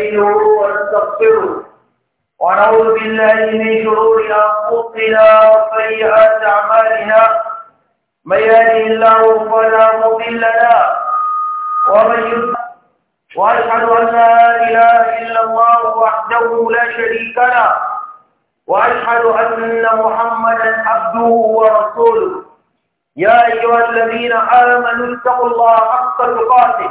ونستعينه ونستغفره ونعوذ بالله من شرور أنفسنا وسيئات أعمالنا من يهده الله فلا مضل له ومن يضلل وأشهد أن لا إله إلا الله وحده لا شريك له وأشهد أن محمدا عبده ورسوله يا أيها الذين آمنوا اتقوا الله حق تقاته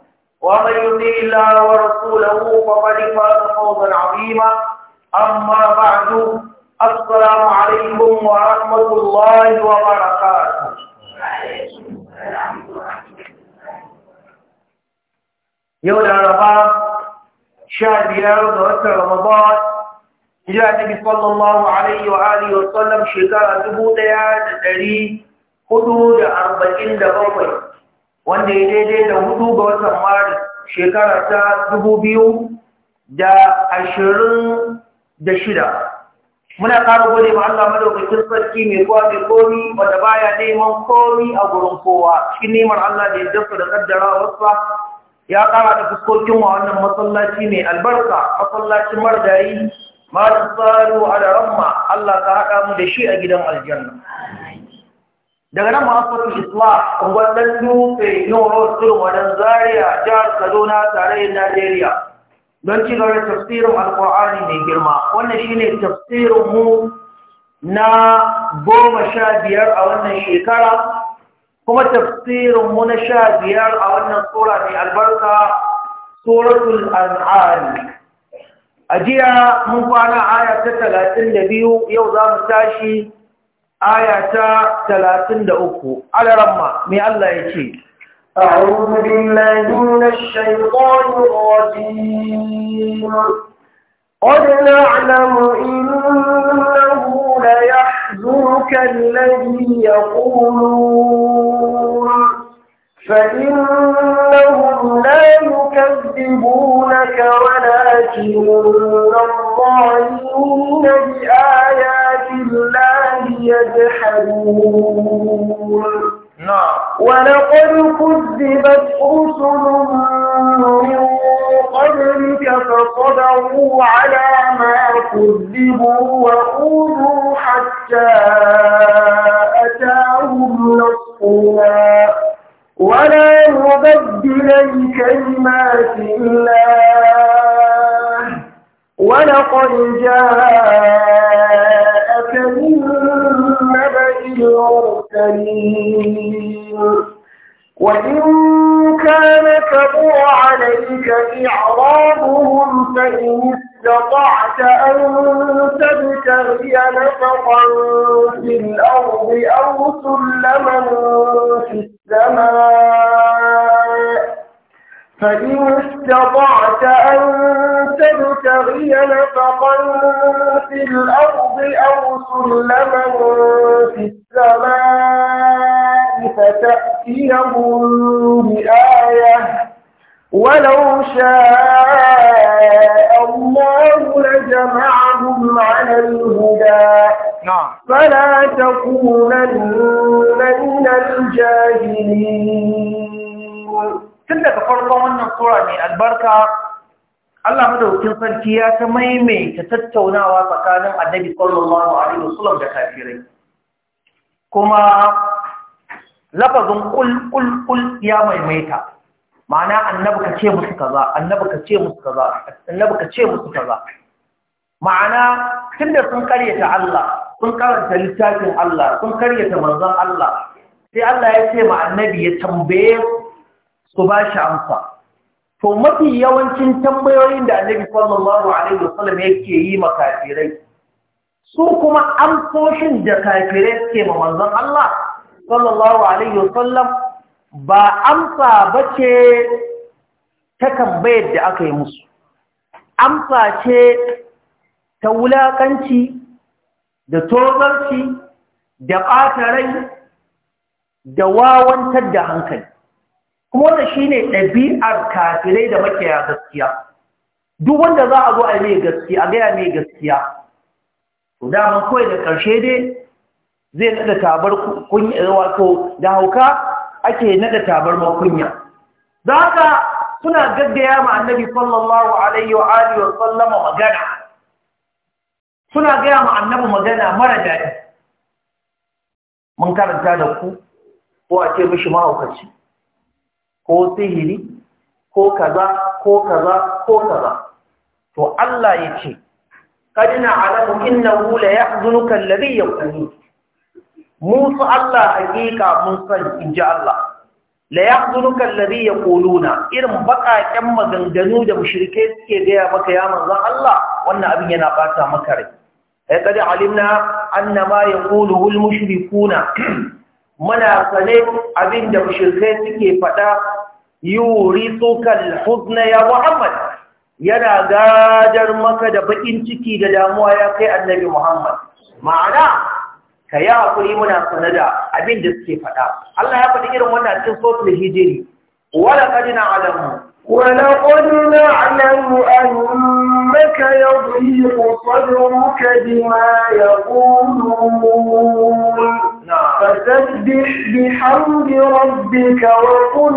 ومن يطيع الله ورسوله فقد فاز فوزا عظيما أما بعد السلام عليكم ورحمة الله وبركاته يوم الأربعاء شهر ديار وتر رمضان إلى النبي صلى الله عليه وآله وسلم شهر جبودا يا تدري حدود أربعين دقيقة wanda ya daidai da hudu ga watan maris shekara ta dubu biyu da ashirin da shida muna ƙara gode ma Allah madaukakin sarki mai kowa mai komi wanda baya neman komi a gurin kowa shi neman Allah da ya dafa da kaddara wasu ya ƙara da fuskokin wa wannan masallaci mai albarka masallacin mardayi masu tsaro a da ramma Allah ka haɗa mu da shi a gidan aljanna daga nan masu isma unguwar ɗan dutse noro turwadan zaria jihar kaduna tarayyar najeriya don ci gaba da tafsirin alkur'ani mai girma wannan shine tafsirin mu na goma sha biyar a wannan shekara kuma tafsirin mu na sha biyar a wannan tsora mai albarka suratul al'ari a jiya mun kwana aya ta talatin da biyu yau za mu tashi aya ta talatin da uku alaramma mai Allah ya ce قد نعلم إنه ليحذرك الذي يقولون فإنهم لا يكذبونك ولكن الظالمين بآيات الله يجحدون نعم ولقد كذبت رسل من قبلك فصبروا على ما كذبوا وأوذوا حتى أتاهم نصرنا ولا يبدل الكلمات الله ولقد جاءك من نبأ المرسلين وإن كان كبر عليك إعراضهم فإن استطعت أن تبتغي نفقا في الأرض أو سلما في السماء فإن استطعت أن تبتغي نفقا في الأرض أو سلما في السماء فتأتيهم بآية ولو شاء الله لجمعهم على الهدى فلا تكونن من الجاهلين tun daga farkon wannan sura mai albarka Allah madaukakin sarki ya ta maimaita tattaunawa tsakanin Annabi sallallahu alaihi wasallam da kafirai kuma lafazin ƙulƙulƙul ya maimaita ma'ana annabi ka ce musu kaza annabi ka ce musu kaza annabi ka ce musu kaza ma'ana tunda sun karyata Allah sun karanta littafin Allah sun karyata manzon Allah sai Allah ya ce ma annabi ya tambaye su ba shi amsa to mafi yawancin tambayoyin da annabi sallallahu alaihi wasallam yake yi ma kafirai su kuma amsoshin da kafirai suke ma manzon Allah sallallahu alaihi wasallam ba amsa bace ta tambayar da aka yi musu amsa ce ta wulaƙanci da tozarci da ɓatarai da wawantar da hankali kuma wanda shi ne ɗabi'ar kafirai da makiya gaskiya duk wanda za a zo a mai gaskiya a gaya mai gaskiya to daman kawai da ƙarshe dai zai naɗa tabar kunya wato da hauka ake naɗa tabar makunya za ka suna gaggaya ma annabi sallallahu alaihi wa alihi wa sallama magana suna gaya wa annabi magana mara daɗi mun karanta da ku ko a ce mishi mahaukaci ko sihiri ko kaza ko kaza ko kaza to Allah ya ce ƙari na alamu inna hula ya zunukan lariya kuni Allah hakika mun san in ji Allah la ya zunukan lariya irin baƙaƙen maganganu da mashirke suke gaya maka ya manzan Allah wannan abin yana ɓata maka makarai لقد علمنا أن ما يقوله المشركون muna sane abinda da suke faɗa yuri tsokal huzna ya muhammad yana gadar maka da bakin ciki da damuwa ya kai annabi muhammad ma'ana ka yi muna sane da abinda suke faɗa allah ya faɗi irin wannan cikin sotul hijiri wala kadina alamu ولقد نعلم أنك يضيق صدرك بما يقولون نعم. فسبح بحمد ربك وكن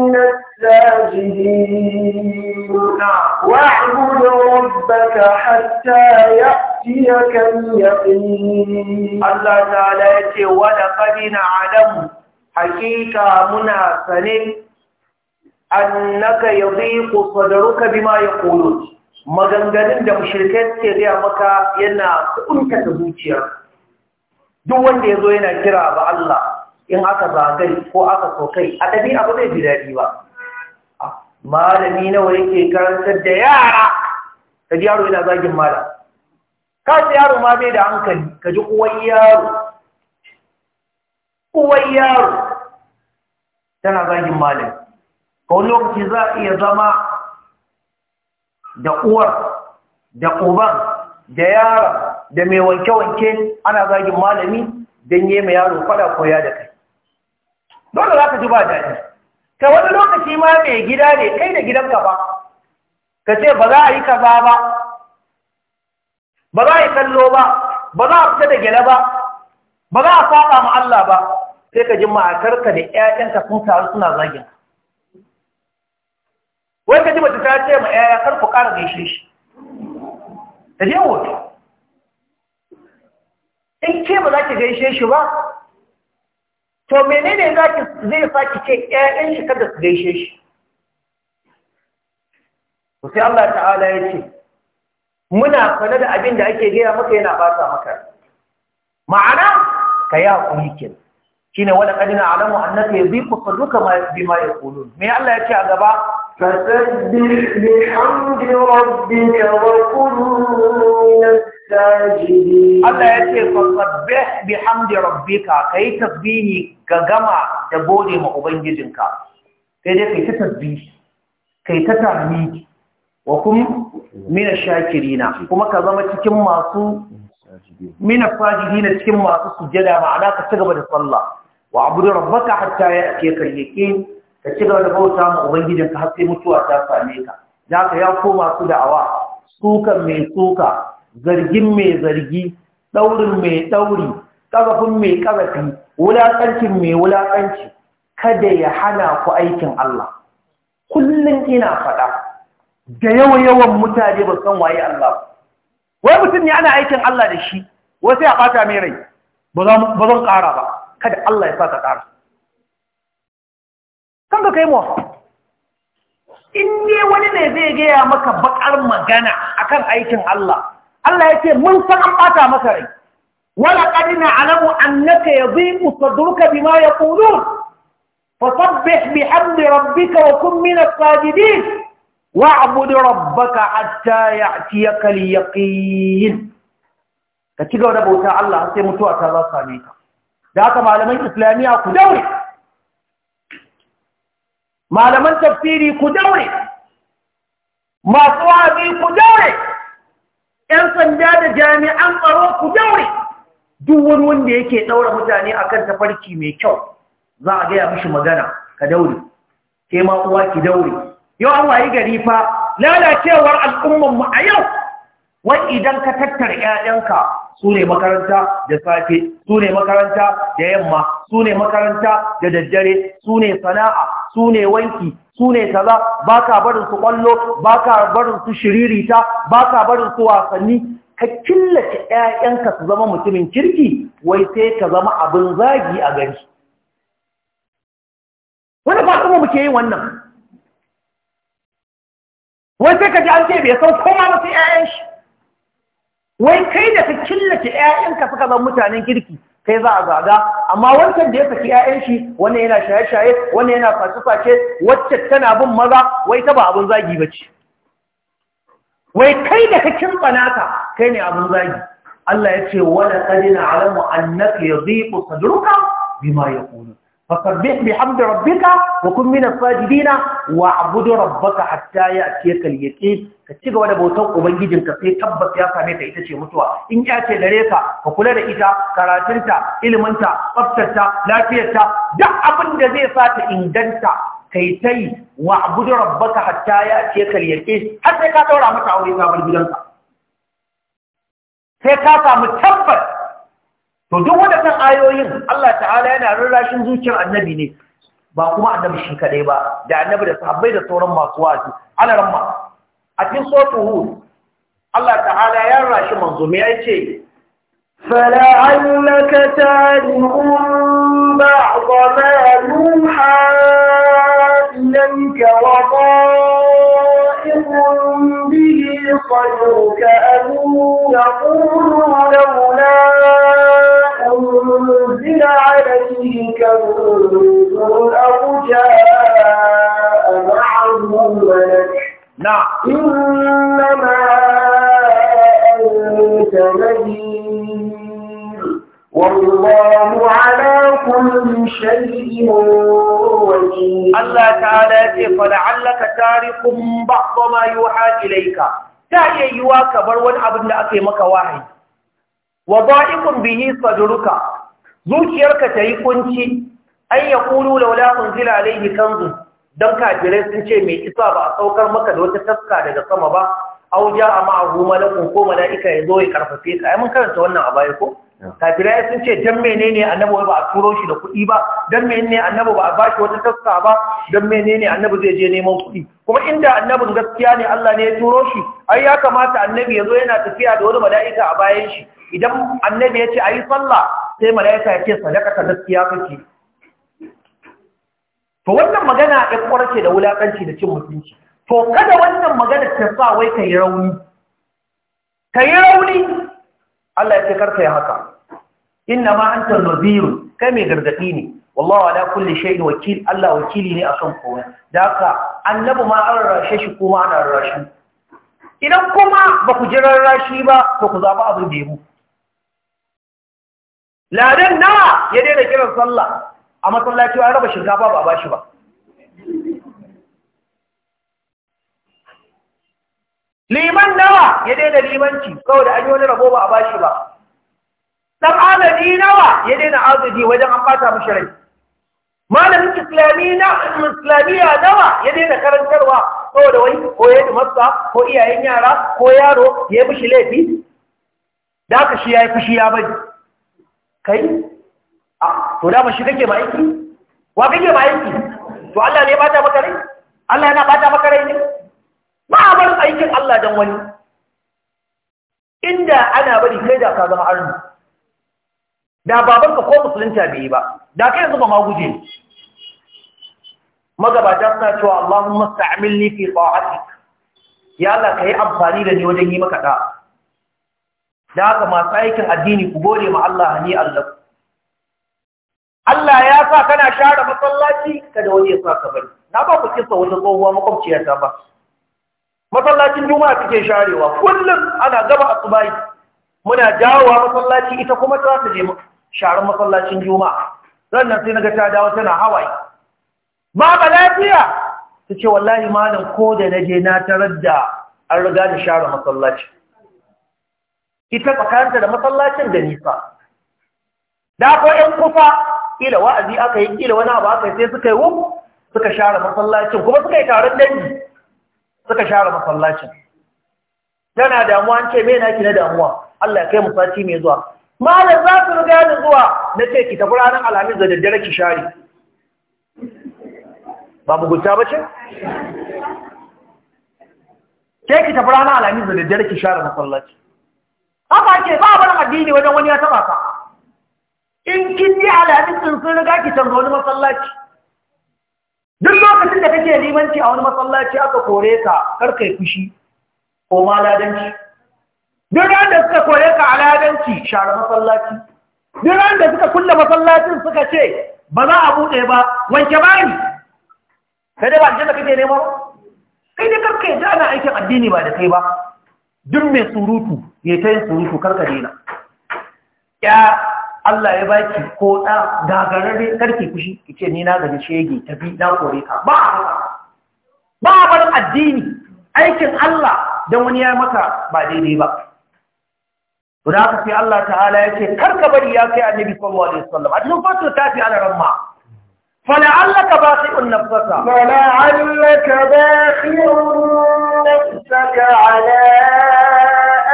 من الساجدين نعم. واعبد ربك حتى يأتيك اليقين الله تعالى ولقد نعلم حقيقة منا سنين annaka yadhiqu ma ya yaqulun maganganun da mushrikai suke gaya maka yana kunta da zuciya duk wanda zo yana kira ba Allah in aka zagai ko aka sokai a dabi abu zai ji dadi ba ah, malami nawa yake karantar da yara ka ji yaro yana zagin malam ka ji yaro ma bai da hankali ka ji uwar yaro uwar yaro tana zagin malam ko lokaci za a iya zama da uwar da uban da yaron da mai wanke-wanke ana zagin malami don yi mai yaro fada koya da kai dole za ka ji ba daɗi ka wani lokaci ma mai gida ne kai da gidan ba ka ce ba za a yi kaza ba ba za a yi kallo ba ba za a fita da gyale ba ba za a saba ma Allah ba sai ka ji ma'akarka da 'ya'yanka sun taru suna zagin ka wai ka ji mace ta ce ma yaya kar ku ƙara gaishe shi ta je hoto in ke ba za ki gaishe shi ba to menene za ki zai sa ki ce yayan shi kada su gaishe shi Ku sai Allah ta'ala ya ce muna kwana da abin da ake gaya maka yana ba sa maka ma'ana ka yi hakuri kenan shine wala kadina alamu annaka yadhiqu sadruka bima yaqulun me Allah ya ce a gaba فسبح بحمد ربك وكن من الساجدين الله يتي فسبح بحمد ربك كي تسبيحي كجمع تبوني ما أبنجدنك كي كي تسبيح كي تتعميد وكن من الشاكرين كما كزما تكن ماسو من الساجدين تكن ماسو سجدا معنا كتغبر الصلاة وعبد ربك حتى يأتيك اليقين ka ci gaba da bauta ma ubangijin ka har sai mutuwa ta same ka da ka ya koma su awa sukan mai suka zargin mai zargi daurin mai dauri ƙazafin mai ƙarafi wulaƙancin mai wulaƙanci kada ya hana ku aikin Allah kullum ina faɗa da yawa-yawan mutane ba san waye Allah wai mutum ne ana aikin Allah da shi Wai sai a ɓata mai rai ba zan ƙara ba kada Allah ya sa ka ƙara kan ka kai mu in ne wani ne zai gaya maka bakar magana akan aikin Allah Allah ya ce mun san an bata masa rai wala qadina alamu annaka yadhimu sadruka bima yaqulun fasabbih bihamdi rabbika wa kun min as-sajidin wa'bud rabbaka hatta ya'tiyaka al-yaqin ka ci gaba da bauta Allah sai mutuwa ta za same ka da haka malaman islamiyya ku daure malaman tafsiri ku daure masu wazi ku daure ‘yan sanda da jami'an tsaro ku daure duk wani wanda yake ɗaura mutane a kan tafarki mai kyau za a gaya mishi magana ka daure ke ma uwa ki daure yau an wayi gari fa lalacewar al'ummanmu a yau wai idan ka tattara ‘ya'yanka su ne makaranta da safe su ne makaranta da yamma su ne makaranta da daddare su ne sana'a su ne wanki su ne kaza ba ka barin su ƙwallo ba ka barin su shiririta ba ka barin su wasanni ka killace 'ya'yanka su zama mutumin kirki wai sai ka zama abin zagi a gari wani ba kuma muke yin wannan wai sai ka ji an ce bai san koma ba sai 'ya'yan shi wai kai da ka killace ƴaƴanka suka zama mutanen kirki kai za a zaga amma wancan da ya saki 'ya'yan shi wanda yana shaye-shaye wanda yana face-face wacce tana bin maza wai ta ba abin zagi ba ce wai kai da ka kimfana ka kai ne abin zagi Allah ya ce tsari na alamu annaka ya yadhiqu sadruka bima yaqulu fasabbih bihamdi rabbika wa kun min as-sajidina wa'bud rabbaka hatta ya'tiyaka al-yaqin ka ci gaba da bautar ubangijinka sai tabbas ya same ta ita ce mutuwa in ya ce gare ka ka kula da ita karatunta iliminta tsaftarta lafiyarta duk abin da zai sa ta inganta kai tai wa'bud rabbaka hatta ya'tiyaka al-yaqin har sai ka daura mata aure ka bar gidanka sai ka samu tabbas to duk ayoyin Allah ta'ala yana rarrashin zuciyar annabi ne ba kuma annabi shi kadai ba da annabi da sahabbai da sauran masu wa'azi Ana ramma a cikin hu, Allah ta'ala ya rarrashi manzo me yace فلعلك تارك بعض ما يوحى إليك وضائق به صدرك أن يقولوا ينظر أو جاء معه ملك نعم إنما أنت نذير والله على ta iya yiwa ka bar wani abin da aka yi maka wahayi wa ba'ikun bihi sadruka zuciyarka ta yi kunci an ya kulu laula unzila alaihi kanzu don kafirai sun ce mai isa ba a saukar maka da wata taska daga sama ba A ja a ma'ahu malakun ko mala'ika ya zo ya karfafe ka ai mun karanta wannan a baya ko kafirai sun ce dan menene annabi ba a turo shi da kuɗi ba dan menene annabi ba a bashi wata taska ba dan menene annabi zai je neman kuɗi kuma inda annabin gaskiya ne Allah ne ya turo shi ai ya kamata annabi ya zo yana tafiya da wani mala'ika a bayan shi idan annabi ya ce ayi sallah sai mala'ika ya ce sadaka ta gaskiya kake to wannan magana ya ƙwarce da wulaƙanci da cin mutunci to kada wannan magana ta sa wai ka yi rauni ka yi rauni Allah ya ce karka ya haka inna ma anta nadhir kai mai gargadi ne wallahi ala kulli ne wakil Allah wakili ne kan kowa da haka annabu ma an rashe shi kuma ana rashi idan kuma ba ku jira rashi ba to ku zaba abin da yabo ladan nawa ya daina kiran sallah a masallaci a raba shinkafa ba a bashi ba liman nawa ya daina limanci saboda an yi wani rabo ba a bashi ba dan azadi nawa ya daina azadi wajen an bata mashi rai malamin islami nawa ya daina karantarwa saboda wai ko ya masa ko iyayen yara ko yaro ya yi mishi laifi da aka shi ya yi fushi ya bari kai a to da ba shi kake ba aiki wa kake ba aiki to Allah ne bata maka rai Allah yana bata maka rai ne ba a bar aikin Allah dan wani inda ana bari kai da ka zama arni da babanka ko musulunta bai yi ba da kai yanzu ba ma guje magabata suna cewa Allahumma sta'amilni fi ta'atik ya Allah kai amfani da ni wajen yi maka da da haka masu aikin addini ku gode ma Allah ni Allah Allah ya sa kana share masallaci kada wani ya sa ka bari na ba ku kisa wata tsohuwa makwabciyata ba masallacin juma'a suke sharewa kullum ana gaba tsubayi muna dawowa masallaci ita kuma ta ta je sharar masallacin juma'a sannan sai naga ta dawo tana hawaye ba lafiya ta ce wallahi malam ko da naje na tarar da an riga da share masallaci ita tsakanta da masallacin da nisa da ko yan kufa kila wa'azi aka yi kila wani abu aka yi sai suka yi wuf suka share masallacin kuma suka yi taron dangi suka share masallacin tana damuwa an ce me ki na damuwa Allah ya kai mu sati mai zuwa malam za su riga da zuwa na ce ki tafi ranar alhamis da daddare ki share ba mugunta ba ce? ke ki tafi ranar alhamis da daddare ki share masallaci haka ke ba bar addini wajen wani ya taba ka in kin yi alhadisin sun riga ki canza wani masallaci duk lokacin da kake limanci a wani masallaci aka kore ka kar kai fushi ko maladanci duk da suka kore ka ladanci, share masallaci duk da suka kulle masallacin suka ce ba za a buɗe ba wanke bani sai dai ba aljanna kake nema kai dai kar kai ana aikin addini ba da kai ba duk mai surutu ya ta yin surutu kar ka daina ya Allah ya baki ko ɗa gagararre karki fushi ki ce ni na shege tafi na kore ka ba ba bar addini aikin Allah dan wani ya maka ba daidai ba to da sai Allah ta'ala yake karka bari ya kai annabi sallallahu alaihi wasallam a cikin fatul kafi ala ramma فلعلك باخع نفسك فلعلك باخع نفسك على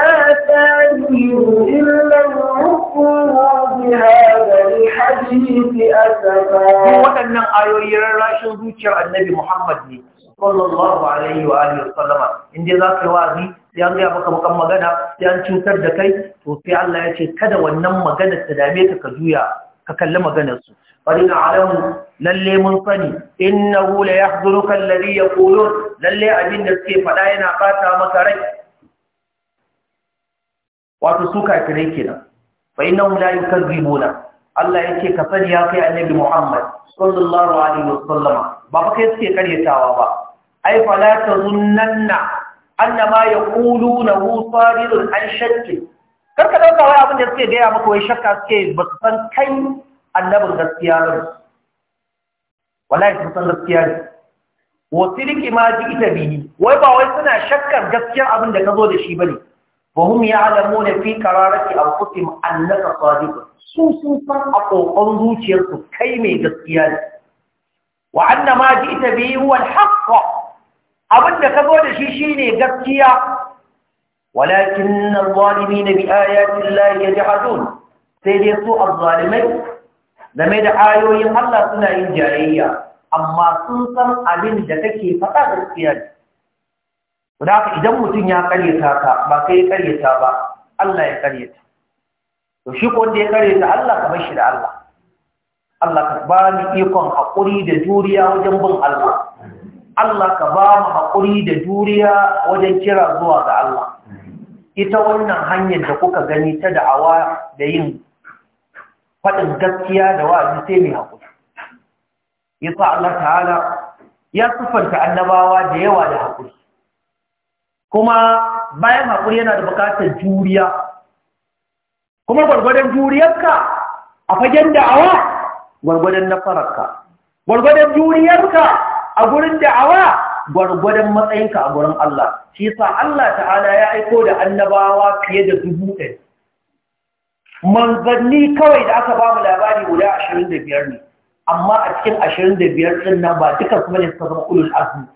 آثارهم إلا بهذا الحديث ayoyi وأن annabi Muhammad ne. النبي sallallahu alaihi wa alihi sallama in dai za ka yi wa'azi sai an gaya maka bakan magana sai an cutar da kai to sai Allah ya ce kada wannan magana ta dame ka ka juya ka kalli maganar su na alamu lalle mun sani ya zuru kallari ya koyo. lalle abin da suke faɗa yana fata maka rai wato su kafirai kenan fa innahu la yukazzibuna Allah yake ka sani ya kai annabi Muhammad sallallahu alaihi wasallama ba fa kai suke karyatawa ba ai fa la tazunnanna anna ma yaquluna hu sadirun an shakki kar ka dauka wai abin da suke gaya maka wai shakka suke ba su san kai annabin gaskiya ba wallahi sun san gaskiya ne wa siliki ma ji ita bihi wai ba wai suna shakkar gaskiyar abin da ka zo da shi bane وهم يعلمون في قرارة أنفسهم أنك صادق سوسن فرقوا أنظوش يرسل كيمي جسيان وأن ما جئت به هو الحق أبدا كذول شيشيني جسيا ولكن الظالمين بآيات الله يجحدون سيديسوا الظالمين game da ayoyin Allah suna yin jayayya amma sun san abin da kake faɗa gaskiya ne da haka idan mutum ya karyata ka ba kai karyata ba Allah ya karyata to shi ko wanda ya karyata Allah ka bar shi da Allah Allah ka ba ni ikon haƙuri da juriya wajen bin Allah Allah ka ba mu haƙuri da juriya wajen kira zuwa ga Allah ita wannan hanyar da kuka gani ta da'awa da yin faɗin gaskiya da wa'azi sai mai haƙuri yasa Allah ta'ala ya siffanta annabawa da yawa da haƙuri kuma bayan haƙuri yana da buƙatar juriya kuma gwargwadon juriyarka a fagen da'awa gwargwadon nafararka gwargwadon juriyarka a gurin da'awa gwargwadon matsayinka a gurin Allah shi sa Allah ta'ala ya aiko da annabawa fiye da dubu ɗaya manzanni kawai da aka ba mu labari guda ashirin da biyar ne amma a cikin ashirin da biyar ɗin nan ba duka kuma ne suka zama ulul azmi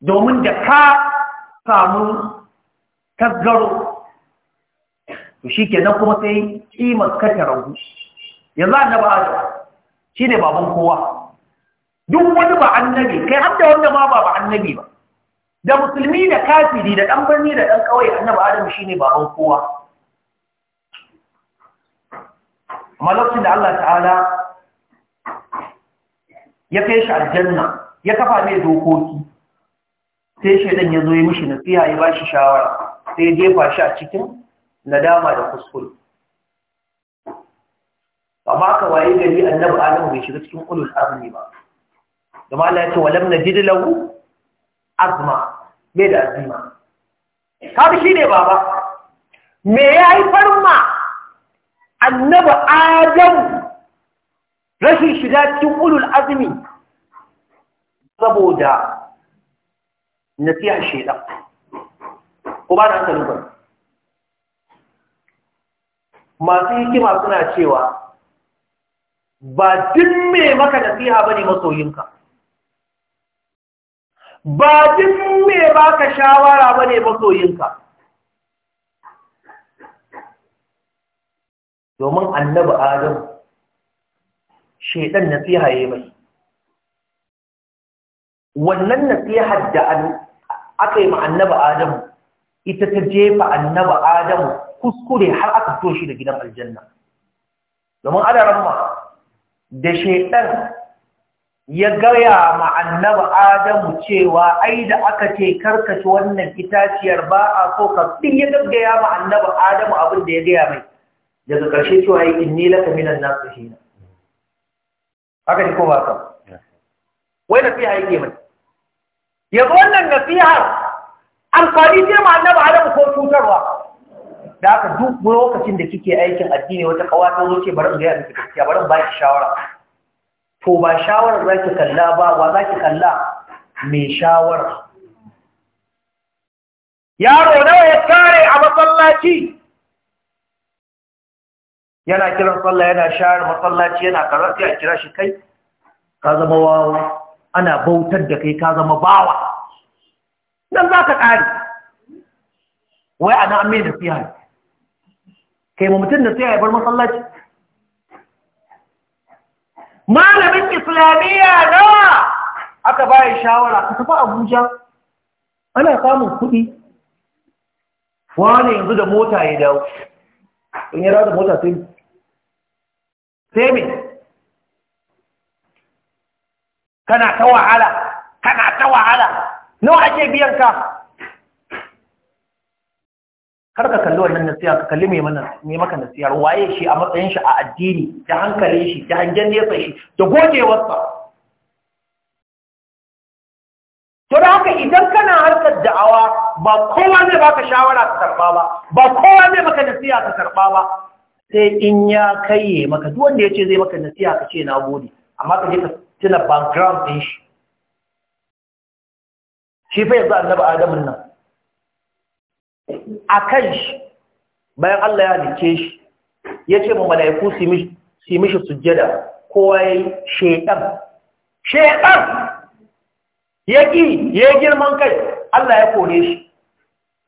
domin da ka samu tasgaro to shi ke nan kuma sai ƙimar kata ragu yanzu annaba adam shi ne baban kowa duk wani ba annabi kai har da wanda ma ba ba annabi ba da musulmi da kafiri da dan birni da dan ƙauye annaba adam shine baban kowa amma da Allah ta'ala ya kai shi aljanna ya kafa mai dokoki sai shaidan ya zo yi mishi nasiha ya ba shi shawara sai ya jefa shi a cikin nadama da kuskure amma ka waye gari annabi adamu bai shiga cikin ulul azmi ba da mala ya ce walam najid lahu azma bai da azima kabi shi ne baba me ya haifar ma annabi adamu rashin shiga cikin ulul azmi saboda nasiha shaidan ko ba da hankali ba masu hikima suna cewa ba duk me maka nasiha bane masoyinka ba duk mai baka shawara bane masoyinka domin annabi adam shaidan nasiha yi mai wannan nasihar da aka yi ma annaba adamu ita ta jefa annaba adamu kuskure har aka fito shi da gidan aljanna domin adaran ma da shaidan ya gaya ma annaba adamu cewa ai da aka ce karkace wannan itaciyar ba a so ka din ya gaggaya ma adamu abin da ya gaya mai daga ƙarshe cewa yi inni laka minan na haka ji ko ba ka wai na fi yake mai yanzu wannan nasiha amfani ce ma na adam ko cutarwa da aka duk lokacin da kike aikin addini wata kawa ta zo ce bari in ga miki bari in ba ki shawara to ba shawara za ki kalla ba wa za ki kalla mai shawara yaro nawa ya kare a masallaci yana kiran sallah yana share masallaci yana karatu ya kira shi kai ka zama wawa ana bautar da kai ka zama bawa nan za ka ƙari wai ana an mai da siya kai ma mutum da siya ya bar masallaci malamin islamiyya nawa aka bayan shawara ka tafi abuja ana samun kuɗi wani yanzu da mota ya dawo in ya rada mota sai sai mai kana ta wahala kana ta wahala nawa ake biyan ka kar ka kalli wannan nasiya ka kalli mai mana mai maka nasiyar waye shi a matsayin shi a addini da hankalin shi da hangen nesa shi da sa. to da haka idan kana harkar da'awa ba kowa ne baka shawara ka karba ba ba kowa ne maka nasiya ka karba ba sai in ya kai maka duk wanda ya ce zai maka nasiya ka ce na gode amma ka je ka tuna background ɗin shi shi fa yanzu annabi adamun nan a kan shi bayan Allah ya halice shi ya ce ma mala'iku su yi mishi sujjada kowa ya yi shaidan shaidan ya ƙi ya yi girman kai Allah ya kore shi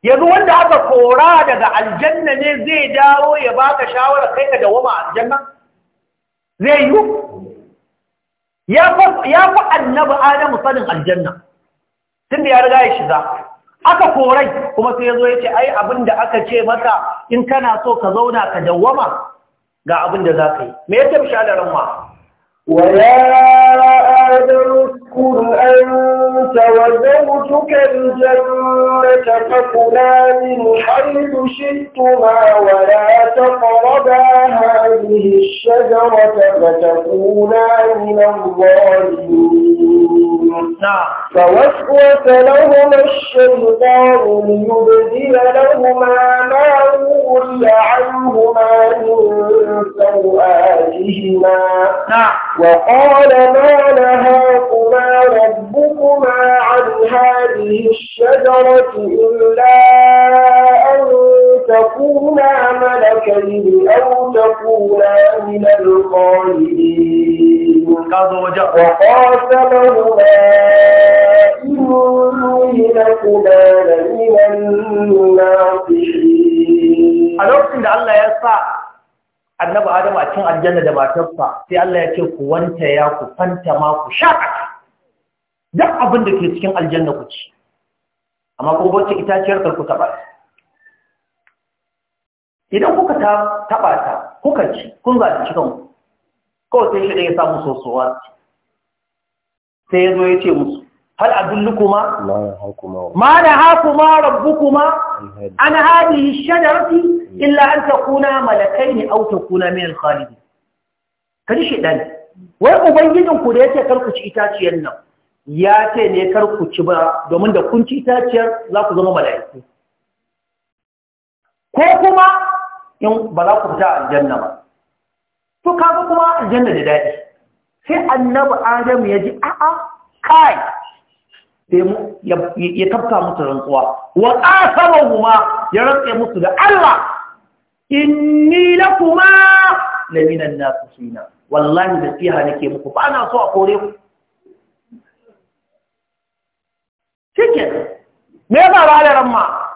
yanzu wanda aka kora daga aljanna ne zai dawo ya baka shawarar kai ka dawoma aljanna zai yi ya fi annabi adamu sanin aljanna tun da ya riga ya shiga aka korai kuma sai ya zo ya ce ai abin da aka ce maka in kana so ka zauna ka dawwama ga abin da za ka yi me ya tafi shalarin ma wa ya adamu قل أنت وزوجك الجنة فكلا من حيث شئتما ولا تقربا هذه الشجرة فتكونا من الظالمين نعم. فوسوس لهما الشيطان ليبدل لهما ما أولي عنهما من سوآتهما نعم. وقال ما لهاكما ربكما عن هذه الشجرة إلا أن تكونا ملكين أو تكونا من الخالدين وقاسمهما إني لكما لمن الناصحين. ألوكسن الله annabi Adam a cin aljanna da matarsa sai Allah ya ce ku wanta ya ku fanta ma ku shaƙa duk abin da ke cikin aljanna ku ci amma ko wacce itaciyar ku taba idan kuka ta taba ta kuka ci kun zaci cikin kawai sai shi ya samu sosowa sai ya zo ya ce musu hal adullukuma ma na kuma, rabbukuma an hadi shajarati illa an takuna malakaini aw takuna min al-khalidin shi shedan wai ubangijin ku da yake karku ci itaciyar nan ya ce ne kar ku ci ba domin da kun ci itaciyar za ku zama mala'iku ko kuma in ba za ku fita aljanna ba to kaga kuma aljanna da daɗi sai annabi adam ya ji a'a kai sai mu ya tafta musu rantsuwa wa huma ya rantsa musu da Allah inni lakuma na nasina wallahi da nake muku ba na so a kore ku shikenan me ya faru da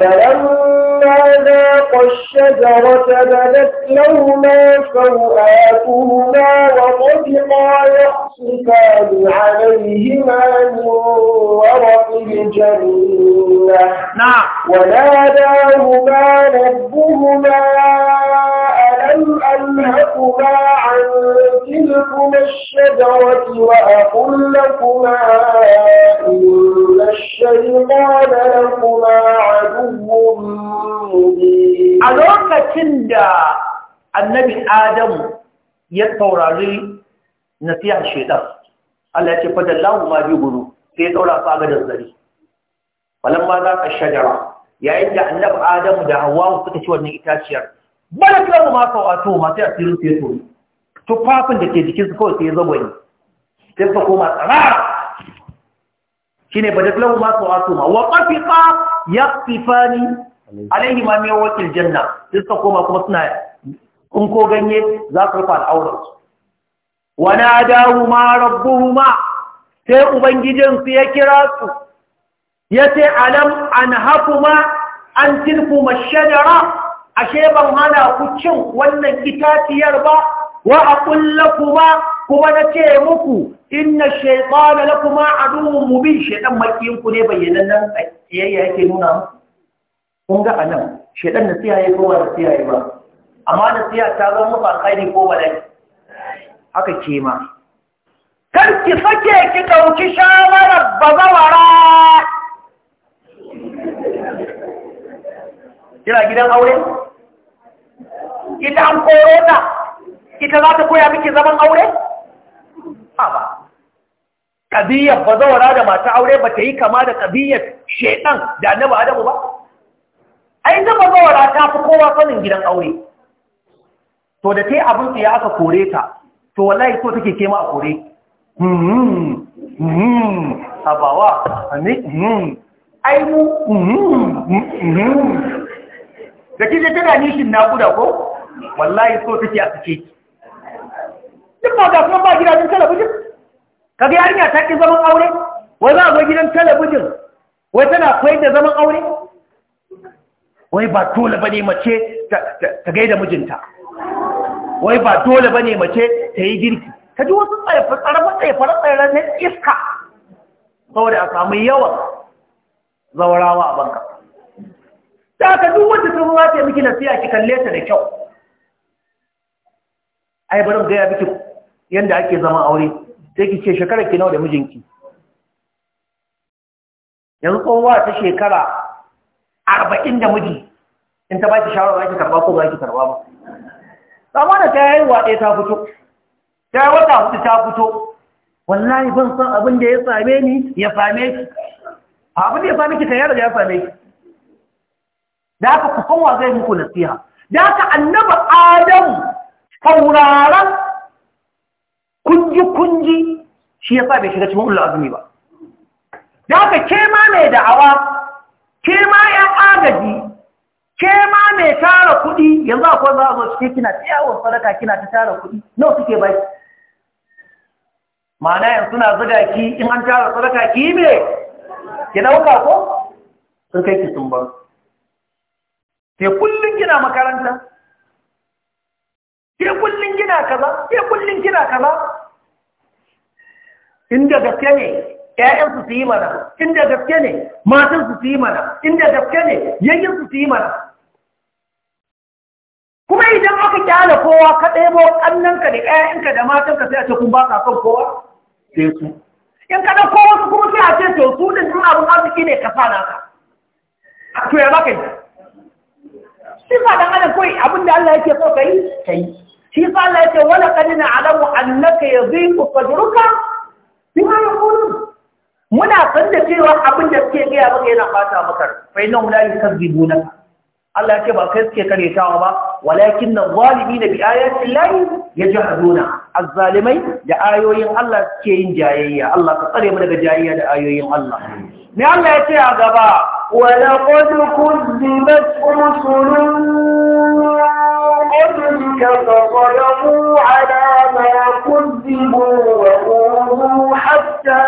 فلما ذاقا الشجرة بدت لهما سوآتهما وَطَبِقَا يخصفان عليهما من ورق الجنة نعم وناداهما ربهما أن أنهكما عن تلكم الشجرة وأقول لكما إن الشيطان لكما عدو مبين ألوك تندى النبي آدم يطور لي نتيع الشيطان ألا يتفد الله ما يقولوا في تورى فاقد الزري ولما ذاك الشجرة يعني أن النبي آدم دعوان فتشوى النئتاشير bada kira ma masu wato ma sai a tsirin sai to tufafin da ke jikinsu kawai sai ya zagwani sai suka koma tsara shi ne bada kira ma masu wato ma wa ƙafiƙa ya fifani alaihi ma mai wakil janna sai suka koma kuma suna kunko ganye za su rufa al'aurarsu wani adawu ma rabu ma sai ubangijinsu ya kira su ya ce alam an hafu ma an tilfu mashadara ashe ban hana ku cin wannan itaciyar ba wa aqul lakuma kuma nace muku inna shaytana lakuma aduwwun mubin shaytan makiyin ku ne bayyanan tsiyayya yake nuna kun ga anan na siya tsiyaye ko na siya ba amma na siya ta zama muku alkhairi ko balai haka ke ma kar ki sake ki dauki shawarar bazawara kira gidan aure ita an koro ta ita za ta koya miki zaman aure ba ƙabiyar ba zaura da mata aure ba ta yi kama da kabiyar shaidan da annaba adamu ba ai zama zaura ta fi kowa sanin gidan aure to da ta yi abin ya aka kore ta to wallahi ko take kema a kore hmm, hmm, abawa ne hmm. mu da kije tana nishin naƙuda ko wallahi so take a sake ki duk ba ga kuma ba gidajen talabijin kaga yarinya ta ki zaman aure wai za a zo gidan talabijin wai tana koyar da zaman aure wai ba dole bane mace ta gaida mijinta wai ba dole bane mace ta yi girki ka ji wasu tsare-tsare na iska saboda a samu yawan zaurawa a banka ta ka duk wanda sun ruwa ce miki nasiya ki kalle ta da kyau ai bari mu gaya biki yanda ake zama aure sai ki ce shekarar ki nawa da mijinki yanzu kowa ta shekara arba'in da miji in ta baki shawara za ki karba ko ba ki karba ba amma da ta yi wa ta fito ta yi wata hudu ta fito wallahi ban san abin da ya same ni ya same ki abin da ya same ki kan yarda da ya same ki da haka ku kowa zai muku nasiha da haka annaba adamu sauraron kunji-kunji shi ya sa bai shiga cikin ulul azumi ba da aka ke ma mai da'awa ke ma yan agaji ke ma mai tara kuɗi yanzu akwai za a zo suke kina tsayawar sadaka kina ta tara kuɗi nau suke bai Mana yanzu suna zuga ki in an tara sadaka ki yi mai ki dauka ko sun kai ki sun ba sai kullum kina makaranta ke kullum gina kaza ke kullum kina kaza inda gaske ne ƴaƴan su yi mana inda gaske ne matan su yi mana inda gaske ne yayin su yi mana kuma idan aka kyale kowa ka ɗebo ƙannanka da ƴaƴanka da matanka sai a ce kun ba ka son kowa sai su in ka ɗauko wasu kuma sai a ce to su din in abin arziki ne ka sa ka? to ya baka yi sifa dan adam kawai abin da Allah yake so ka yi ka yi shi sa Allah ya ce wala qad na'lamu annaka yadhiqu sadruka bima yaqulun muna san da cewa abin da suke gaya maka yana fata maka fa inna la yukazzibuna Allah ya ce ba kai suke karetawa ba walakin zalimin bi ayati llahi yajhaduna azzalimai da ayoyin Allah suke yin jayayya Allah ka tsare mu daga jayayya da ayoyin Allah me Allah ya ce a gaba wa laqad kuzzibat rusulun قبلك فظلموا على ما كذبوا وقولوا حتى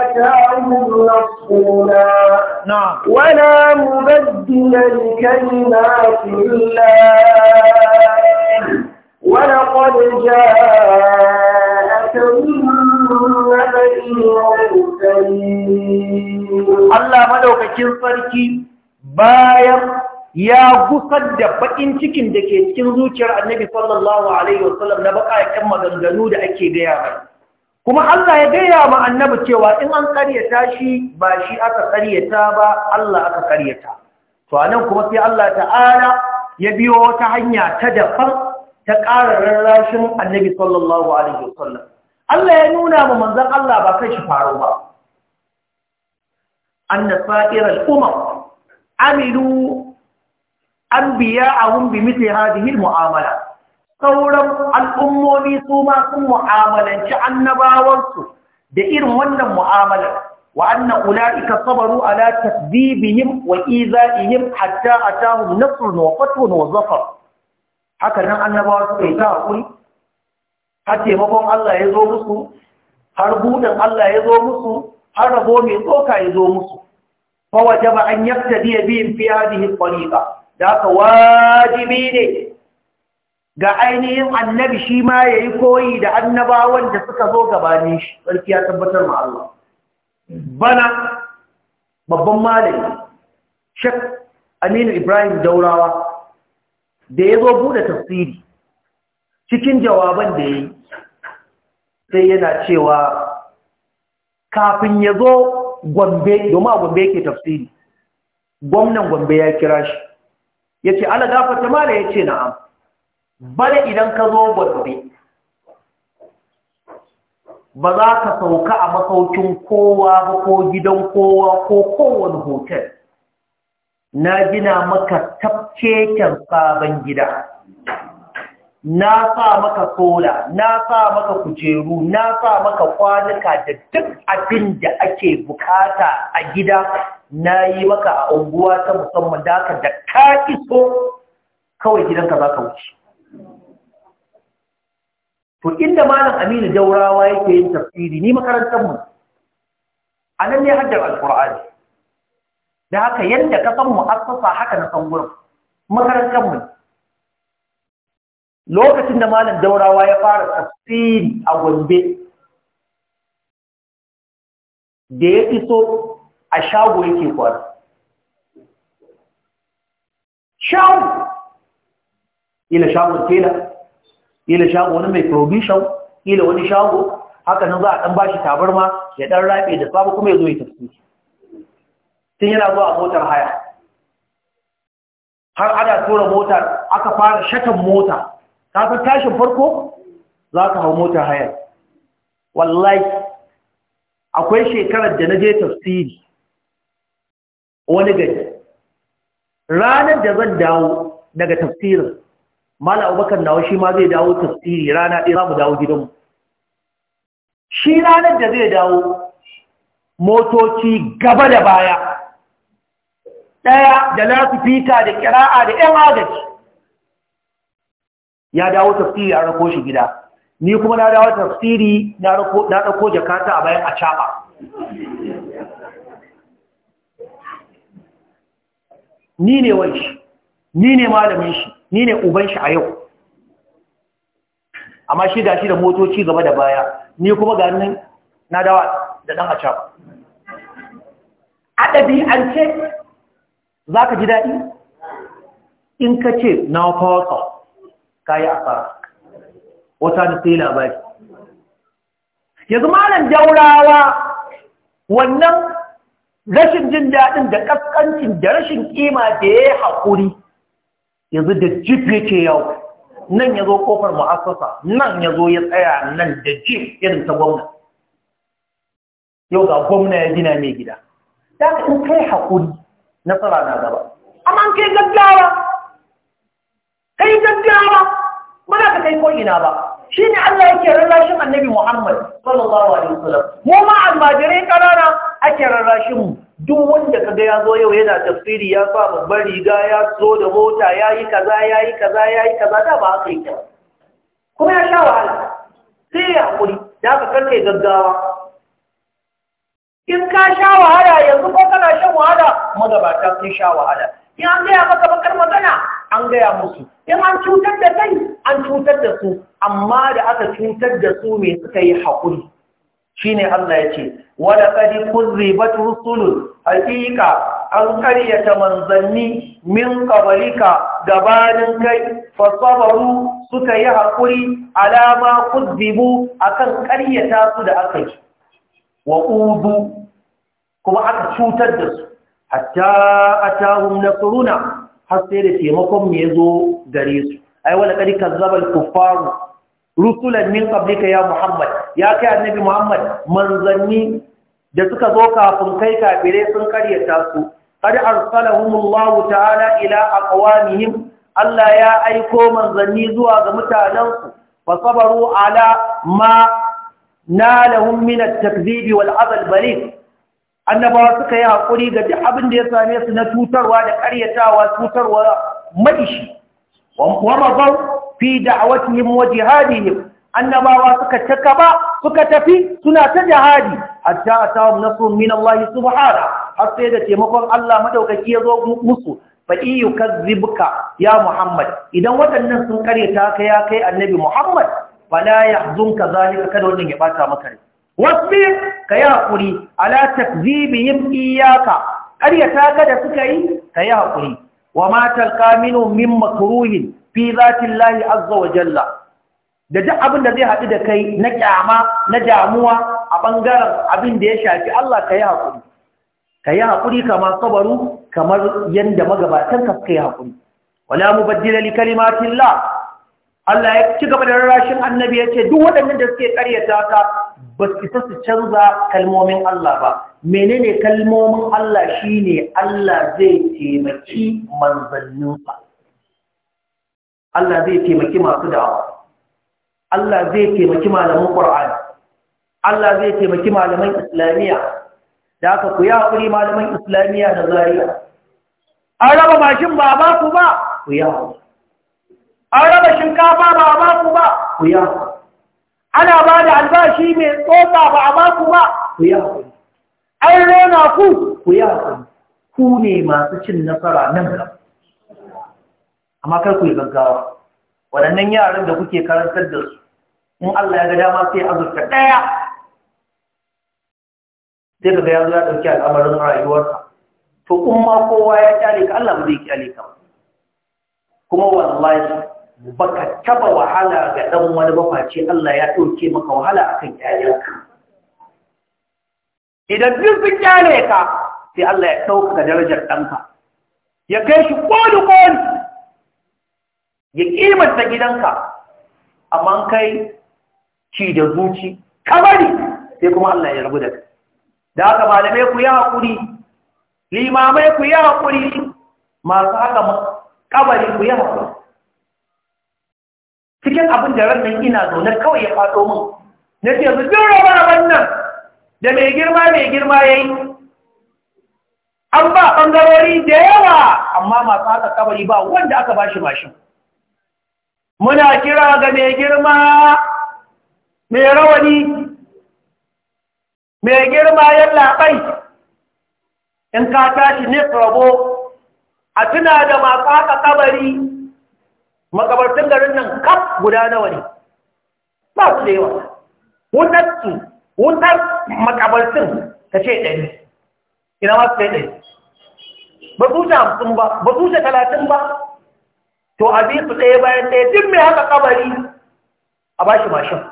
أتاهم نصرنا نعم ولا مبدل لكلمات الله ولقد جاءك Allah madaukakin sarki bayan ya gusar da baƙin cikin da ke cikin zuciyar annabi sallallahu alaihi wasallam na baƙaƙen maganganu da ake gaya mai kuma Allah ya gaya ma annabi cewa in an karyata shi ba shi aka karyata ba Allah aka karyata to anan kuma sai Allah ta'ala ya biyo wata hanya ta dafan ta ƙara rarrashin annabi sallallahu alaihi wasallam Allah ya nuna ma manzon Allah ba kai shi faru ba anna sa'iral umam Aminu. anbiya'ahum bi mithli hadhihi mu'amala sauran al'ummomi su ma sun mu'amalanci annabawarsu da irin wannan mu'amalar wa anna ulaika sabaru ala tasdibihim wa izaihim hatta atahum nasrun wa fatun wa zafar haka nan annabawa su yi ta hakuri har taimakon Allah ya zo musu har buɗin Allah ya zo musu har rabo mai tsoka ya zo musu fa wajaba an yaftadi bihim fi hadhihi tariqa da aka wajibi ne ga ainihin annabi shi ma ya yi koyi da annabawan da suka zo gabanin shi sarki ya tabbatar ma Allah bana babban malami shek aminu ibrahim daurawa da ya zo buɗe tafsiri cikin jawaban da ya yi sai yana cewa kafin ya zo gombe domin a gombe yake tafsiri gwamnan gombe ya kira shi ya ce ala ma mala ya ce na'am bane idan ka zo gobe ba za ka sauka a masaukin kowa ba ko gidan kowa ko kowane hotel na gina maka tafkeken sabon gida na sa maka sola na sa maka kujeru na sa maka kwanuka da duk abin da ake bukata a gida na yi maka a unguwa ta musamman da aka da ka iso kawai gidanka za ka wuce to inda malam aminu daurawa yake yin tafsiri ni makarantarmu a nan ne haddar alkur'ani da haka yadda ka san mu'assasa haka na san gurin makarantarmu ne lokacin da malam daurawa ya fara tafsiri a gombe da ya iso a shago yake kwara shago ila shagon tela ila shago wani mai provision ila wani shago haka nan za a dan bashi tabarma ya ɗan rafe da sabu kuma ya zo ya tafsiri tun yana zuwa motar haya har ana tura motar aka fara shatan mota Kafin tashin farko za ka hau mota haya wallahi akwai shekarar da na je tafsiri wani gari ranar da zan dawo daga tafsirin mala abubakar nawa shi ma zai dawo tafsiri rana ɗaya za mu dawo gidanmu shi ranar da zai dawo motoci gaba da baya ɗaya da fita da kira'a da 'yan agaji ya dawo tafsiri an rako shi gida ni kuma na dawo tafsiri na rako jakata a bayan a caɓa ni ne wai shi ni ne malamin shi ni ne uban shi a yau amma shi gashi da motoci gaba da baya ni kuma ga nan na dawa da dan a caɓa adabi an ce za ka ji daɗi in ka ce na fawasa Kayi a asara wata da sai labari yanzu malam jaurawa wannan rashin jin daɗin da ƙasƙancin da rashin ƙima da ya yi haƙuri yanzu da jif yake yau nan ya zo ƙofar ma'asasa nan ya zo ya tsaya nan da jif irin ta gwamna yau ga gwamna ya gina mai gida ta ka in kai haƙuri nasara na gaba amma kai gaggawa kai gaggawa ba za ka kai ko'ina ba shi ne Allah yake rarrashin annabi Muhammad sallallahu alaihi wasallam mu ma almajirai karana ake rarrashin mu duk wanda ka ga ya zo yau yana tafsiri ya sa babbar riga ya zo da mota ya yi kaza ya yi kaza ya yi kaza da ba haka yake kuma ya sha wahala sai ya hakuri da aka karkai gaggawa in ka sha wahala yanzu ko kana shan wahala magabata sun sha wahala in an gaya maka bakar magana an gaya musu in an cutar da kai an cutar da su amma da aka cutar da su me suka yi haƙuri ne Allah ya ce wala qad kuzzibat sulun. Hakika an karyata manzanni min da gabanin kai fasabaru suka yi haƙuri alama kuzzibu akan karyata su da aka yi wa kuma aka cutar da su hatta a na suruna. har sai da taimakon mu ya zo gare su ai wala kadi kazzaba al-kuffaru rusulan min qablika ya muhammad ya kai annabi muhammad manzanni da suka zo kafin kai kafire sun karyata su qad arsalahumullahu ta'ala ila aqwamihim Allah ya aiko manzanni zuwa ga mutanensu fa sabaru ala ma nalahum min at-takdhib wal 'adl balid annabawa suka yi haƙuri ga duk abin da ya same su na cutarwa da ƙaryatawa cutarwa maishi wa mazau fi da'awatihim wa jihadihim annabawa suka taka ba suka tafi suna ta jihadi hatta atahum nasrun min Allah subhanahu har sai da taimakon Allah madaukaki ya zo musu fa yukazzibka ya Muhammad idan waɗannan sun karyata ka ya kai annabi Muhammad fala yahzunka zalika kada wannan ya bata maka rai wasbir ka yi haƙuri ala takzibihim iyaka ƙaryata ka da suka yi ka yi haƙuri wa matal kaminu min makruhin fi zatin lahi azza wa jalla da duk abin da zai haɗu da kai na ƙyama na damuwa a ɓangaren abin da ya shafi Allah ka yi haƙuri ka yi haƙuri kamar sabaru kamar yadda magabatan ka suka yi haƙuri wala mubaddila li kalimatillah Allah ya ci gaba da rarrashin annabi ya ce duk waɗannan da suke ƙaryata ka ba su isa su canza kalmomin Allah ba menene kalmomin Allah shi ne Allah zai taimaki manzanninsa Allah zai taimaki masu da'awa Allah zai taimaki malaman Qur'ani Allah zai taimaki malaman Islamiyya da aka ku ya haƙuri malaman Islamiyya da Zaria an raba mashin ba ba ku ba ku ya haƙuri. an raba shinkafa ba a maku ba ku yi ana ba da albashi mai tsotsa ba a maku ba ku yi haƙuri an rona ku ku yi haƙuri ku ne masu cin nasara nan gaba amma kar ku yi gaggawa waɗannan yaran da kuke karantar da su in Allah ya ga dama sai azurta ɗaya sai ga ya zo ya ɗauki al'amarin rayuwarsa to kuma kowa ya kyale ka Allah ba zai kyale ka kuma wallahi baka taba wahala ga ɗan wani ce Allah ya dauke maka wahala akan 'ya'yanka. idan duk sun kyale ka sai Allah ya dauka darajar ɗanka ya kai shi kodi kodi ya kimanta gidanka amma kai ci da zuci kabari sai kuma Allah ya rabu da kai da haka malamai ku yi hakuri limamai ku yi hakuri masu haka kabari ku yi hakuri cikin abin da nan ina zaune kawai ya faɗo min na ce su jura ba wannan da mai girma mai girma ya yi an ba ɓangarori da yawa amma masu haka kabari ba wanda aka ba shi mashin muna kira ga mai girma mai rawani mai girma ya labai in ka tashi ne rabo a tuna da masu haka kabari makabartun garin nan kaf guda nawa ne ba su da yawa su wutar makabartun ta ce ɗari ina ma su kai ɗari ba su ce hamsin ba ba su ce talatin ba to a bi su ɗaya bayan ɗaya duk mai haka kabari a ba shi mashin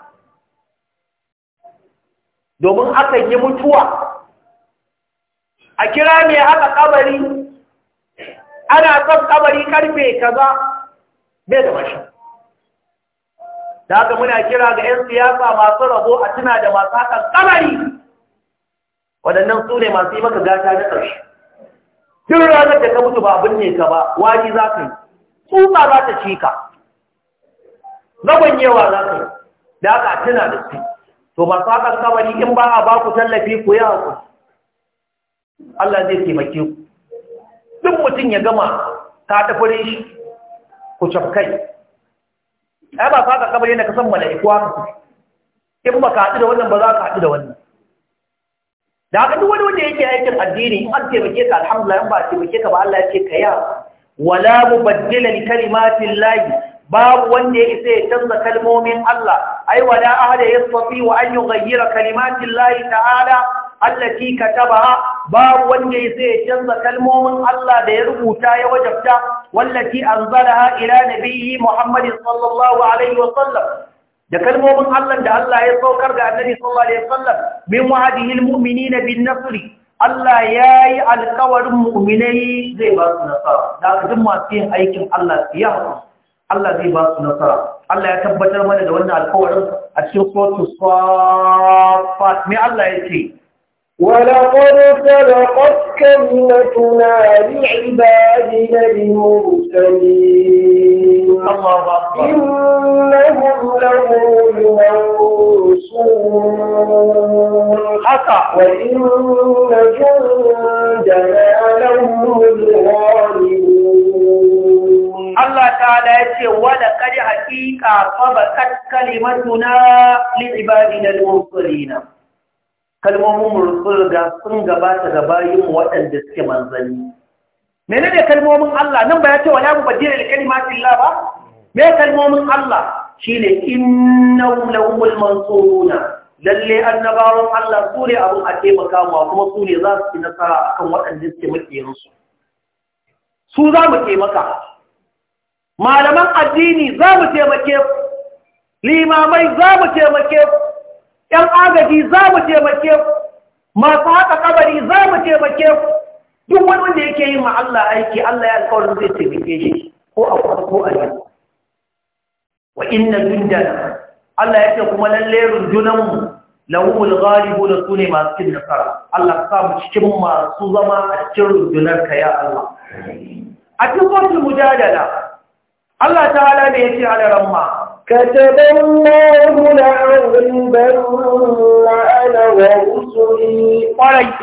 domin aka yi mutuwa a kira mai haka kabari ana son kabari karfe kaza bai da mashi daga muna kira ga 'yan siyasa masu rabo a tuna da masu hakan kamari waɗannan su ne masu yi maka gata na ƙarshe tun ranar da ka mutu ba abin ne ka ba wani za ka yi tsutsa za ta ci ka zagonyewa za ka yi da aka tuna da su to masu hakan kamari in ba a ba ku tallafi ku yi haƙuri Allah zai taimake ku duk mutum ya gama ka tafi shi ku cafkai ai ba fa ka kabari ne ka san mala'iku haka in ba ka haɗu da wannan ba za ka haɗu da wannan da haka duk wani wanda yake aikin addini in an taimake ka alhamdulillah in ba a taimake ka ba Allah ya ce ka yi wala mubaddila li kalimatin lahi babu wanda ya isa ya canza kalmomin Allah ai wala ahada yasfi wa an yughayyira kalimatin lahi ta'ala allati katabaha babu wanda zai canza kalmomin Allah da ya rubuta ya wajabta wallati anzalaha ila nabiyyi Muhammad sallallahu alaihi wa sallam da kalmomin Allah da Allah ya saukar ga annabi sallallahu alaihi wa sallam min wa'dihi almu'minina bin nasr Allah yayi alƙawarin mu'minai zai ba su nasara da duk masu yin aikin Allah ya Allah zai ba su nasara Allah ya tabbatar mana da wannan alƙawarin a cikin suratul Saffat me Allah ya ce ولقد سبقت كلمتنا لعبادنا المرسلين إنهم لهم المنصورون وإن جندنا لهم الغالبون الله تعالى يقول ولقد حقيقة سبقت كلمتنا لعبادنا المرسلين kalmomin riga sun gabata ga bayinmu waɗanda suke manzanni mene ne kalmomin Allah nan ba ya ce wa ba mubaddila li masu illa ba me kalmomin Allah shine innahu lahumul mansuruna lalle annabawan Allah su ne abin a taimaka ma kuma su ne za su ci nasara akan waɗanda suke makiyansu su za mu taimaka malaman addini za mu taimake limamai za mu taimake ‘yan agaji za mu taimake masu haka kabari za mu taimake duk wani wanda yake yi ma Allah aiki Allah ya alƙawarin zai taimake shi ko a ko a yau. Wa inna jundana Allah ya ce kuma lalle rundunanmu lahumul ghalibu da su ne masu cin nasara. Allah ka mu cikin masu zama a cikin rundunar ka ya Allah. A cikin kotun mujadala Allah ta'ala ne ya ce a da ramma كتب الله لأغلبن أنا ورسلي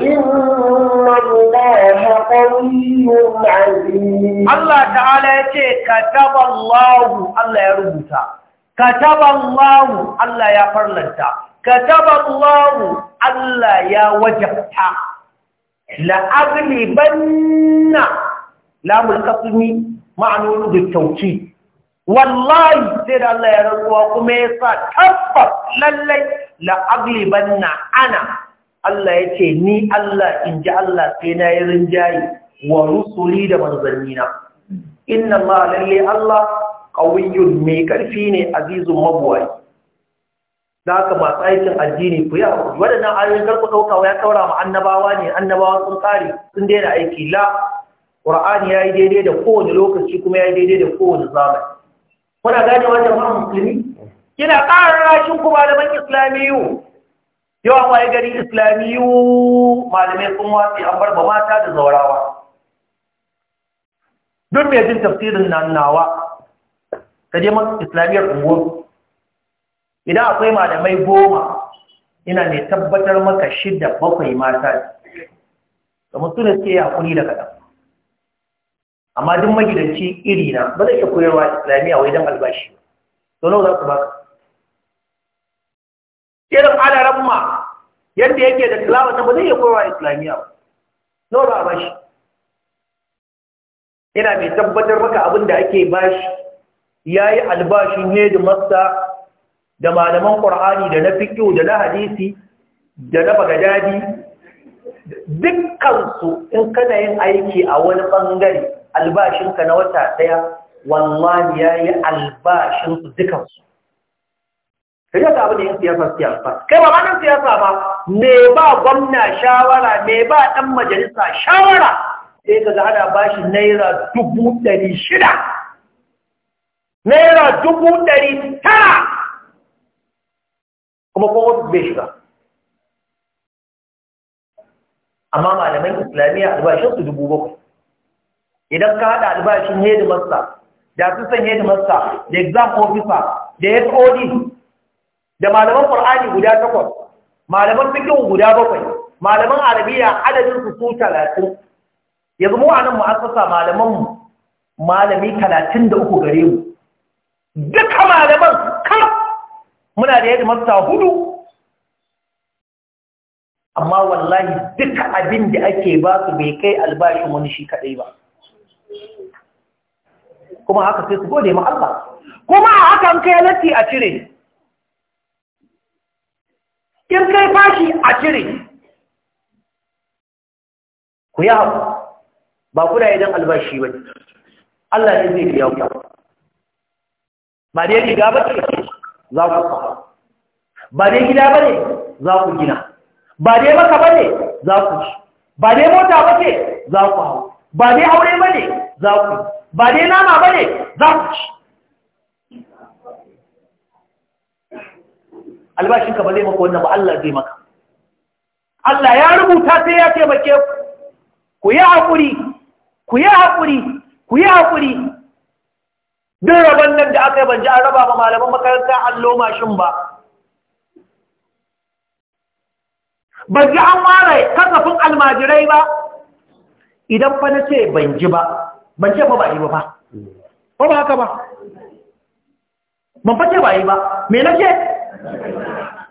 إن الله قوي عزيز الله تعالى يقول كتب الله الله يربط كتب الله الله يفرلت كتب الله الله يا وجبت لا لام القسم معنون بالتوكيد wallahi sai da Allah ya rantsuwa kuma ya sa tabbas lallai la'aglibanna ana Allah ya ce ni Allah in ji Allah sai na yi rinjaye wa rusuli da manzannina inna ma lalle Allah qawiyyun mai karfi ne azizun mabuwai da ka masu aikin addini ku ya waɗannan ayoyin karku ɗauka ya kaura ma annabawa ne annabawa sun kare sun daina aiki la Qur'ani ya yi daidai da kowane lokaci kuma ya yi daidai da kowane zamani kuna gane wajen ba musulmi kina ƙara rashin ku malaman islamiyu yawan waye gari islamiyu malamai sun watsi an bar ba mata da zaurawa duk mai jin tafsirin nan nawa ta je islamiyar unguwar idan akwai malamai goma ina ne tabbatar maka shida bakwai mata da mutum da suke hakuri da kaɗan amma duk magidanci iri na ba zai iya koyarwa islamiyya wai don albashi to nawa za su baka irin adaran ma yadda yake da tilawa ta ba zai iya koyarwa islamiyya ba nawa za a bashi ina mai tabbatar maka abin da ake bashi ya yi albashi ne da da malaman ƙur'ani da na fiƙo da na hadisi da na bagadadi dukkansu in kana yin aiki a wani ɓangare albashinka na wata ɗaya wallahi ya yi albashinsu dukansu sai ya abu da yin siyasa siyasa kai ba ma siyasa ba me ba gwamna shawara me ba ɗan majalisa shawara sai ka ga ana bashi naira dubu ɗari shida naira dubu ɗari tara kuma kowa bai shiga amma malaman islamiyya albashinsu dubu bakwai idan ka haɗa albashin hedimasta da assistant hedimasta da exam officer da hod da malaman ƙur'ani guda takwas malaman fikin guda bakwai malaman arabiya adadin su su talatin yanzu mu a nan mu'assasa malaman malami talatin da uku gare mu duka malaman kan muna da hedimasta hudu amma wallahi duka abin da ake ba su bai kai albashin wani shi kaɗai ba kuma haka sai su gode ma Allah kuma a hakan kai latti a cire in kai fashi a cire ku yi haku ba kuna idan albashi ba Allah ne zai biya ku ba dai riga ba ce za ku kafa ba dai gida ba ne za ku gina ba dai maka ba ne za ku ci ba dai mota ba ce za ku hau ba dai aure ba ne za ku ba dai nama ba ne za ku ci albashinka ba zai maka wannan ba Allah zai maka Allah ya rubuta sai ya taimake ku ku yi haƙuri ku yi haƙuri ku yi haƙuri duk rabon nan da aka yi ban ji an raba ba malaman makaranta allo mashin ba ban ji an ware kasafin almajirai ba idan fa na ce ban ji ba ban ce ba ba yi ba fa. ba ba haka ba ban fashe ba yi ba me na ce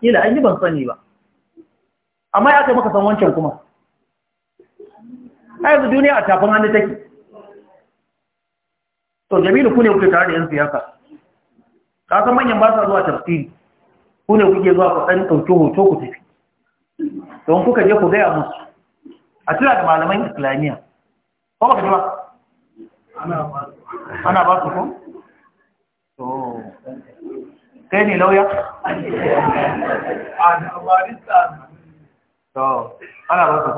ila an yi ban sani ba amma ya kai maka san wancan kuma a yanzu duniya a tafin hannu take to jamilu ku ne kuke tare da yan siyasa ka san manyan ba sa zuwa tafsiri ku ne kuke zuwa ku ɗan ɗauki hoto ku tafi don kuka je ku gaya musu a tura da malaman islamiyya ko ba ka ji ba ana ba su kun? to kai ne lauya? to ana ba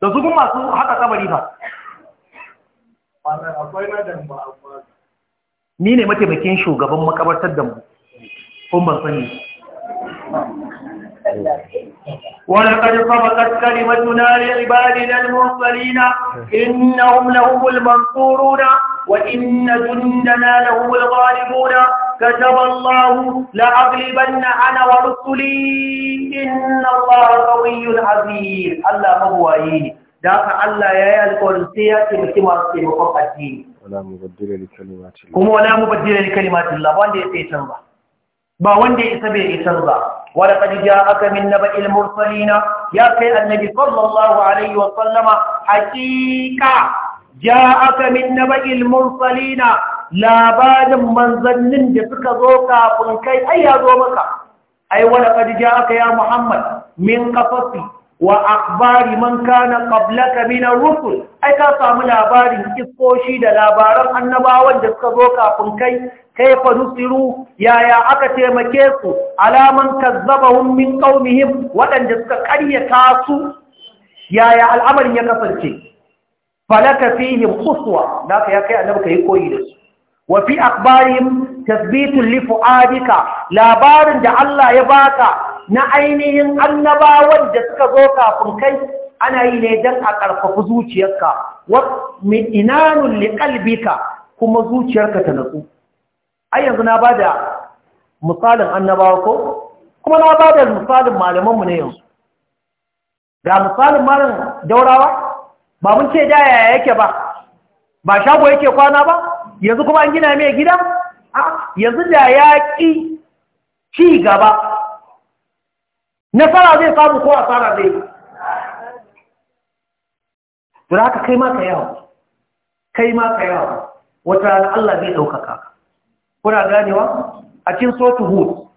su kun? da su kun masu haka kabari ba? ni ne mataimakin shugaban makabartar da mu kun ban sani ولقد سبقت كلمتنا لعبادنا المرسلين إنهم لهم المنصورون وإن جندنا لهم الغالبون كتب الله لأغلبن أنا ورسلي إن الله قوي عزيز الله هو دافع الله يا القول سياتي بكما سيبقى الدين ولا مبدل لكلمات الله كما ولا مبدل لكلمات الله وان دي سيتنبه ba wanda ya isa bai isar ba wala qad aka min naba'il mursalina ya kai annabi sallallahu alaihi wa sallama Ja aka min naba'il mursalina labarin manzannin da suka zo kafin kai ai ya zo maka ai wala qad ja'aka ya muhammad min kafafi wa akbari man kana qablaka min ar-rusul ai ka samu labarin iskoshi da labaran annabawan da suka zo kafin kai kaifa nusiru yaya aka taimake su alaman kazzabahum min qaumihim waɗanda suka karyata su yaya al'amarin ya kasance falaka fihim quswa naka ya kai annabi kai koyi da su wa fi akhbarihim tasbitun li fu'adika labarin da Allah ya baka na ainihin annabawan da suka zo kafin kai ana yi ne dan a karfafa zuciyarka wa min li qalbika kuma zuciyarka ta natsu ai yanzu na ba da misalin annabawa ko kuma na ba da misalin malamanmu ne yanzu ga misalin malin daurawa ba mun ce da yaya yake ba ba shago yake kwana ba yanzu kuma an gina mai gida a yanzu da ya ƙi ci gaba nasara zai samu ko asara zai yi haka kai ma ka yawo kai ma ka yawo wata Allah zai ɗaukaka kuna ganewa a cikin sotu hud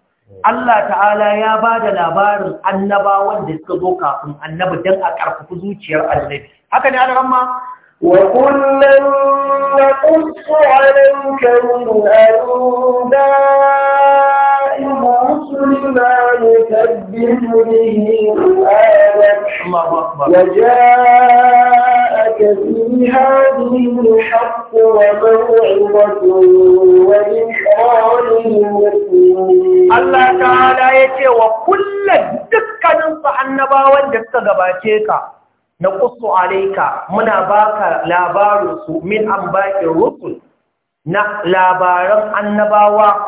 Allah ta'ala ya ba da labarin annaba wanda suka zo kafin annabi don a ƙarfafi zuciyar annabi haka ne ana ramma وَكُلًّا نَقُصُّ عَلَيْكَ مِنْ أَنْبَاءِ الرُّسُلِ مَا نُثَبِّتُ بِهِ فُؤَادَكَ وَجَاءَ لك في هذه الحق وموعظة وذكرى Allah ta'ala ya ce wa kulle dukkanin annabawan da suka gabace ka na kusu alaika muna baka labarin su min an baƙi rusul na labaran annabawa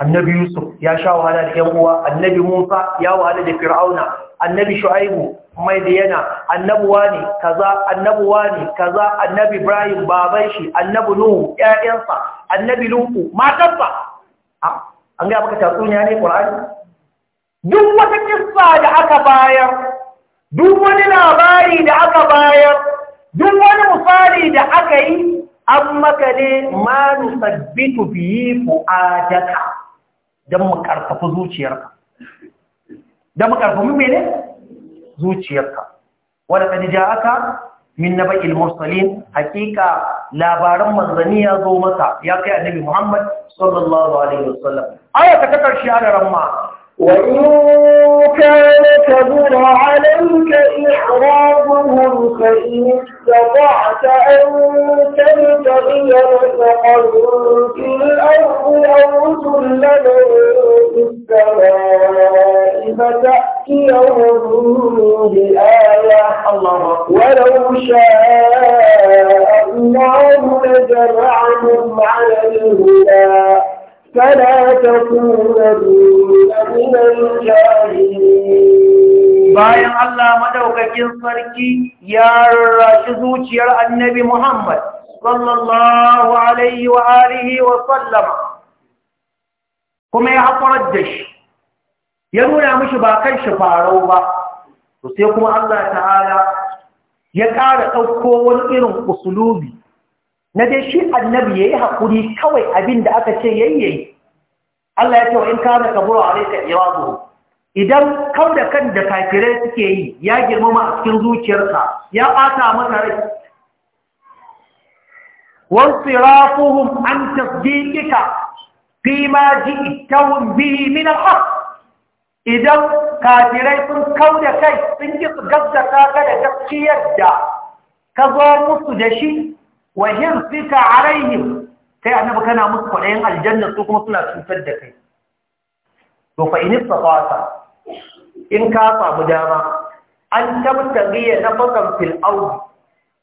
annabi Yusuf ya sha wahala da ƴan uwa annabi Musa ya wahala da Fir'auna annabi shu'aibu mai da yana annabuwa ne kaza annabuwa ne kaza annabi ibrahim baban shi annabi nuhu ƴaƴansa annabi lutu matarsa an ga maka tatsuniya ne qur'ani duk wata kissa da aka bayar duk wani labari da aka bayar duk wani misali da aka yi an maka ne ma nusabbitu biyi fu'adaka don mu karfafa zuciyarka da makarfami mene zuciyarka wadda ta ja aka min na baƙil mursalin hakika labaran manzanni ya zo maka ya kai annabi muhammad sallallahu alaihi wasallam aya ta ta karshe a da ramma وإن كان كبر عليك إعراضهم فإن استطعت أن تبتغي نفقا في الأرض أو سلما في السماء فتأتيهم بآية ولو شاء الله لجمعهم على الهدى فلا تكونن من bayan Allah madaukakin sarki ya rarrashi zuciyar annabi Muhammad sallallahu alaihi wa alihi wa sallama kuma ya haƙurar da shi ya nuna mishi ba kan shi farau ba to sai kuma Allah ta'ala ya ƙara ɗauko wani irin usulubi na dai shi annabi yayi hakuri kawai abin da aka ce yayye Allah ya ce wa in kana kabura alayka iradu idan kau da kan da kafirai suke yi ya girmama a cikin zuciyarka ya bata maka rai وانصرافهم عن تصديقك فيما جئتهم به من الحق idan kafirai sun kau da kai sun ji gaggata ka da gaskiyar da ka zo musu da shi wa hirsika alaihim kai annabi kana musu kwaɗayin aljanna su kuma suna cutar da kai to fa in istata in ka samu dama an tabtabiya na fasan fil ardi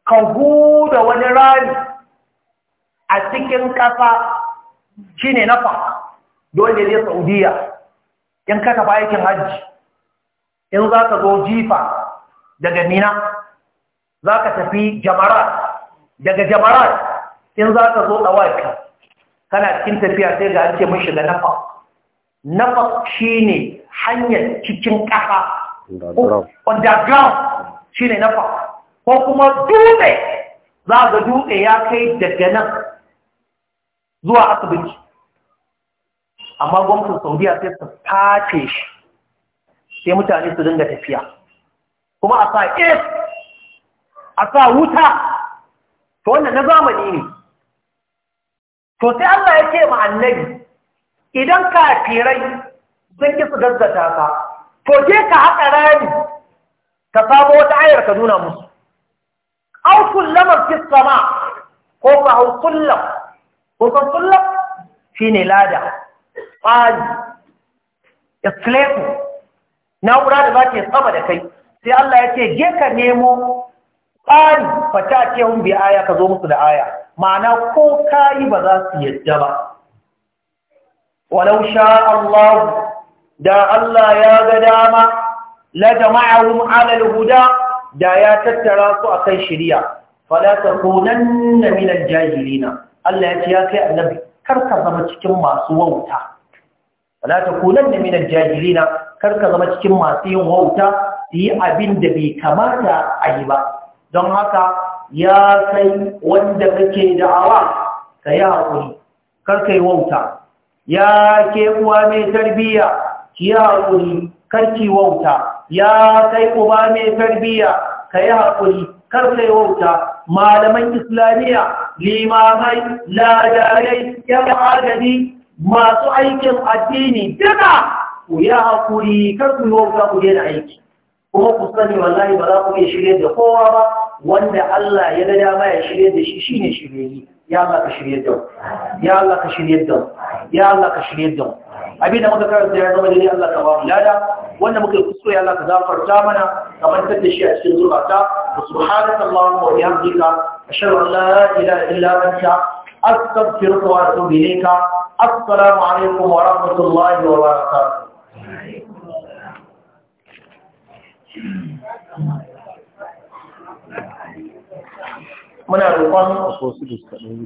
ka huda wani rani a cikin kasa shine nafa dole ne saudiya in ka tafi aikin hajji in za ka zo jifa daga mina za ka tafi jamara daga jamarat in za ka zo ɗawarka kana cikin tafiya sai ga ake mashi mun shiga nafa nafa shi ne hanyar cikin ƙasa underground shi ne nafa ko kuma dutse za ga dutse ya kai daga nan zuwa asibiti amma gwamnatin saudiya sai su face shi sai mutane su dinga tafiya kuma a sa a sa wuta to wannan na zamani ne to sai Allah ya ce ma annabi idan kafirai sun ki su gaggata ka to je ka haƙa rami ka samo wata ayar ka nuna musu aw kullama fi sama ko fa hau kullam ko fa kullam shine lada tsani escalator na'ura da ba ke sama da kai sai Allah ya ce je ka nemo ƙari fata ce hun bi aya ka zo musu da aya ma'ana ko kayi ba za su yadda ba walau sha Allah da Allah ya ga dama la jama'ahum alal huda da ya tattara su akan shari'a fala takunanna min al-jahilina Allah ya ce ya kai annabi kar ka zama cikin masu wauta fala takunanna min al-jahilina kar ka zama cikin masu yin wauta yi abin da bai kamata a yi ba don haka ya kai wanda kake da'awa ka yi haƙuri karka yi wauta ya ke uwa mai tarbiyya ki yi haƙuri karki wauta ya kai uba mai tarbiyya ka yi haƙuri karka yi wauta malaman islamiyya limamai ladarai yan agadi masu aikin addini duka ku yi haƙuri karku yi wauta ku daina aiki kuma ku sani wallahi ba za ku iya shirya da kowa ba wanda Allah ya ga dama ya shirye da shi shine shirye ya Allah ka shirye da ya Allah ka shirye da ya Allah ka shirye da abinda muka karanta ya zama dai Allah ka ba mu lada wanda muka yi kuskure Allah ka gafarta mana ka mantar da shi a cikin zurata subhanallahi wa bihamdika ashhadu an la ilaha illa anta astaghfiruka wa atubu ilayka assalamu alaikum wa rahmatullahi wa barakatuh muna roƙon